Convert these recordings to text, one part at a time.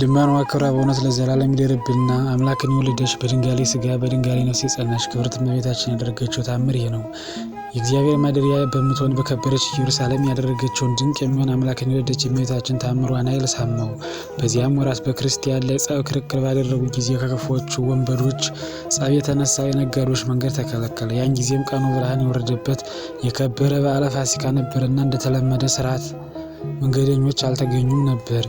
ልመኗ ክብሯ በእውነት ለዘላለም ይደርብና አምላክን የወለደች በድንጋሌ ስጋ በድንጋሌ ነፍስ የጸናች ክብርት እመቤታችን ያደረገችው ታምር ይህ ነው። የእግዚአብሔር ማደሪያ በምትሆን በከበረች ኢየሩሳሌም ያደረገችውን ድንቅ የሚሆን አምላክን የወለደች እመቤታችን ታምሯን ኃይል በዚያም ወራት በክርስቲያን ላይ ጸብ፣ ክርክር ባደረጉ ጊዜ ከክፉዎቹ ወንበዶች ጸብ የተነሳ የነጋዶች መንገድ ተከለከለ። ያን ጊዜም ቀኑ ብርሃን የወረደበት የከበረ በዓለ ፋሲካ ነበርና እንደተለመደ ስርዓት መንገደኞች አልተገኙም ነበር።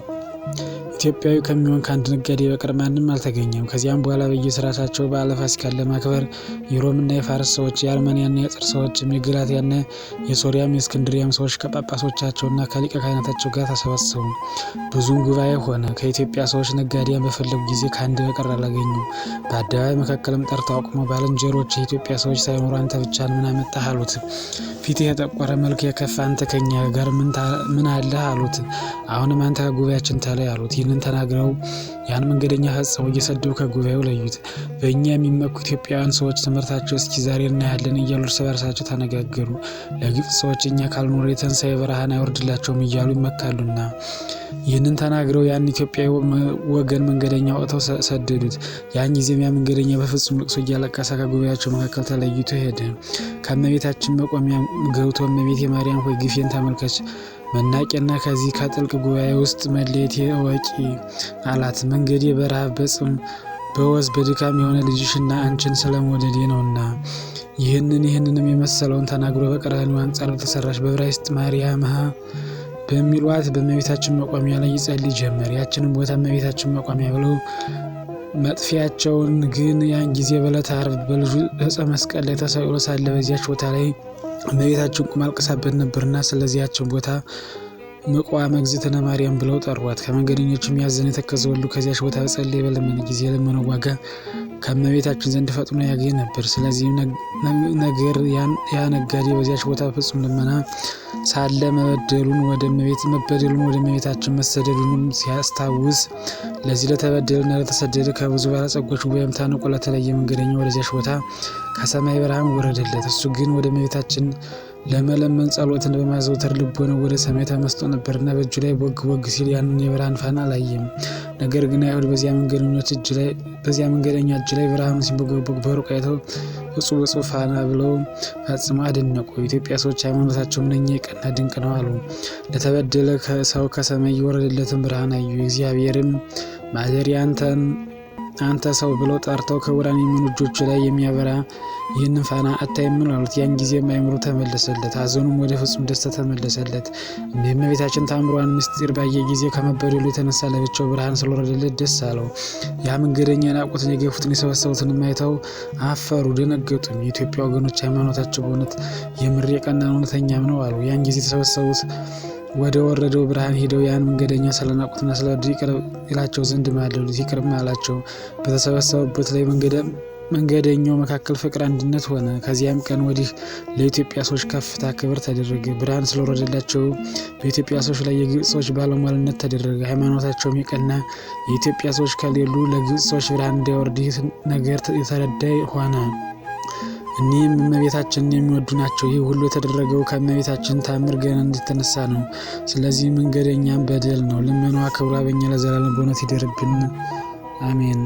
ኢትዮጵያዊ ከሚሆን ከአንድ ነጋዴ በቀር ማንም አልተገኘም። ከዚያም በኋላ በየስርዓታቸው በዓለ ፋሲካን ለማክበር የሮምና የፋርስ ሰዎች፣ የአርመንያና የጽር ሰዎችም፣ የገላትያና የሶሪያም የእስክንድሪያም ሰዎች ከጳጳሶቻቸውና ከሊቀ ካህናታቸው ጋር ተሰበሰቡ። ብዙም ጉባኤ ሆነ። ከኢትዮጵያ ሰዎች ነጋዴያን በፈለጉ ጊዜ ከአንድ በቀር አላገኙ። በአደባባይ መካከልም ጠርተው አቁሞ ባልንጀሮች የኢትዮጵያ ሰዎች ሳይኖሩ አንተ ብቻን ምን አመጣህ አሉት። ፊትህ የጠቆረ መልክ የከፋ አንተ ከኛ ጋር ምን አለህ አሉት። አሁንም አንተ ከጉባኤያችን ተለይ አሉት። ይህንን ተናግረው ያን መንገደኛ ፈጽመው እየሰደው ከጉባኤው ለዩት። በእኛ የሚመኩ ኢትዮጵያውያን ሰዎች ትምህርታቸው እስኪ ዛሬ እናያለን እያሉ እርስ በርሳቸው ተነጋገሩ። ለግብፅ ሰዎች እኛ ካልኖረ የተንሳኤ ብርሃን አይወርድላቸውም እያሉ ይመካሉና ይህንን ተናግረው ያን ኢትዮጵያዊ ወገን መንገደኛ ወጥተው ሰደዱት። ያን ጊዜም ያ መንገደኛ በፍጹም ልቅሶ እያለቀሰ ከጉባኤያቸው መካከል ተለይቶ ሄደ። ከእመቤታችን መቆሚያ ገብቶ እመቤቴ ማርያም ሆይ ግፌን ተመልከች መናቄና ከዚህ ከጥልቅ ጉባኤ ውስጥ መለየት ወቂ አላት። መንገዴ በረሃብ በጽም በወዝ በድካም የሆነ ልጅሽና አንቺን ስለመወደዴ ነውና ይህንን ይህንንም የመሰለውን ተናግሮ በቀራንዮ አንጻር በተሰራች በዕብራይስጥ ማርያምሃ በሚሏት በእመቤታችን መቋሚያ ላይ ይጸልይ ጀመር። ያችንም ቦታ እመቤታችን መቋሚያ ብለው መጥፊያቸውን ግን ያን ጊዜ በዕለተ ዓርብ በልጁ ዕፀ መስቀል ላይ ተሰቅሎ ሳለ በዚያች ቦታ ላይ እመቤታችን ቁማ አልቅሳበት ነበርና ስለዚያችን ቦታ መቋም እግዝእትነ ማርያም ብለው ጠሯት። ከመንገደኞች የሚያዘን የተከዘ ሁሉ ከዚያች ቦታ በጸለየ በለመነ ጊዜ የለመነው ዋጋ ከመቤታችን ዘንድ ፈጥኖ ያገኝ ነበር። ስለዚህ ነገር ያ ነጋዴ በዚያች ቦታ ፍጹም ልመና ሳለ መበደሉን ወደ መቤት መበደሉን ወደ መቤታችን መሰደዱንም ሲያስታውስ ለዚህ ለተበደለና ለተሰደደ ከብዙ ባለጸጎች ወይም ታንቆ ለተለየ መንገደኛ ወደዚያች ቦታ ከሰማይ ብርሃን ወረደለት። እሱ ግን ወደ መቤታችን ለመለመን ጸሎትን በማዘውተር ልቦነ ወደ ሰማይ ተመስጦ ነበርና በእጁ ላይ ወግ ወግ ሲል ያንን የብርሃን ፋና አላየም። ነገር ግን አይሁድ በዚያ እጅ ላይ መንገደኛ እጅ ላይ ብርሃኑ ሲንቦገቦግ በሩቅ አይተው እጹ እጹ ፋና ብለው ፈጽሞ አደነቁ። የኢትዮጵያ ሰዎች ሃይማኖታቸው ምንኛ የቀና ድንቅ ነው አሉ። ለተበደለ ሰው ከሰማይ የወረደለትን ብርሃን አዩ። እግዚአብሔርም ማደሪያ አንተን አንተ ሰው ብለው ጠርተው ክቡራን የሚሆኑ እጆቹ ላይ የሚያበራ ይህንን ፋና አታይምን አሉት። ያን ጊዜም አይምሮ ተመለሰለት፣ አዘኑም ወደ ፍጹም ደስታ ተመለሰለት። እንዲህም እመቤታችን ታምሯን ምስጢር ባየ ጊዜ ከመበደሉ የተነሳ ለብቻው ብርሃን ስለወረደለት ደስ አለው። ያ መንገደኛ የናቁትን የገፉትን የሰበሰቡትን አይተው አፈሩ፣ ደነገጡም። የኢትዮጵያ ወገኖች ሃይማኖታቸው በእውነት የምር የቀናን እውነተኛም ነው አሉ። ያን ጊዜ የተሰበሰቡት ወደ ወረደው ብርሃን ሄደው ያን መንገደኛ ስለናቁትና ስለወዱ ይቅር ይላቸው ዘንድ ማለሉ ይቅርም አላቸው። በተሰበሰቡበት ላይ መንገደኛው መካከል ፍቅር፣ አንድነት ሆነ። ከዚያም ቀን ወዲህ ለኢትዮጵያ ሰዎች ከፍታ ክብር ተደረገ። ብርሃን ስለወረደላቸው በኢትዮጵያ ሰዎች ላይ የግብፅ ሰዎች ባለሟልነት ተደረገ። ሃይማኖታቸውም የቀና የኢትዮጵያ ሰዎች ከሌሉ ለግብፅ ሰዎች ብርሃን እንዳይወርድ ነገር የተረዳ ሆነ። እኒህም እመቤታችንን የሚወዱ ናቸው። ይህ ሁሉ የተደረገው ከእመቤታችን ታምር ገና እንድትነሳ ነው። ስለዚህ መንገደኛም በደል ነው። ልመኗ ክብሯ በእኛ ለዘላለም በእውነት ይደርብን፣ አሜን።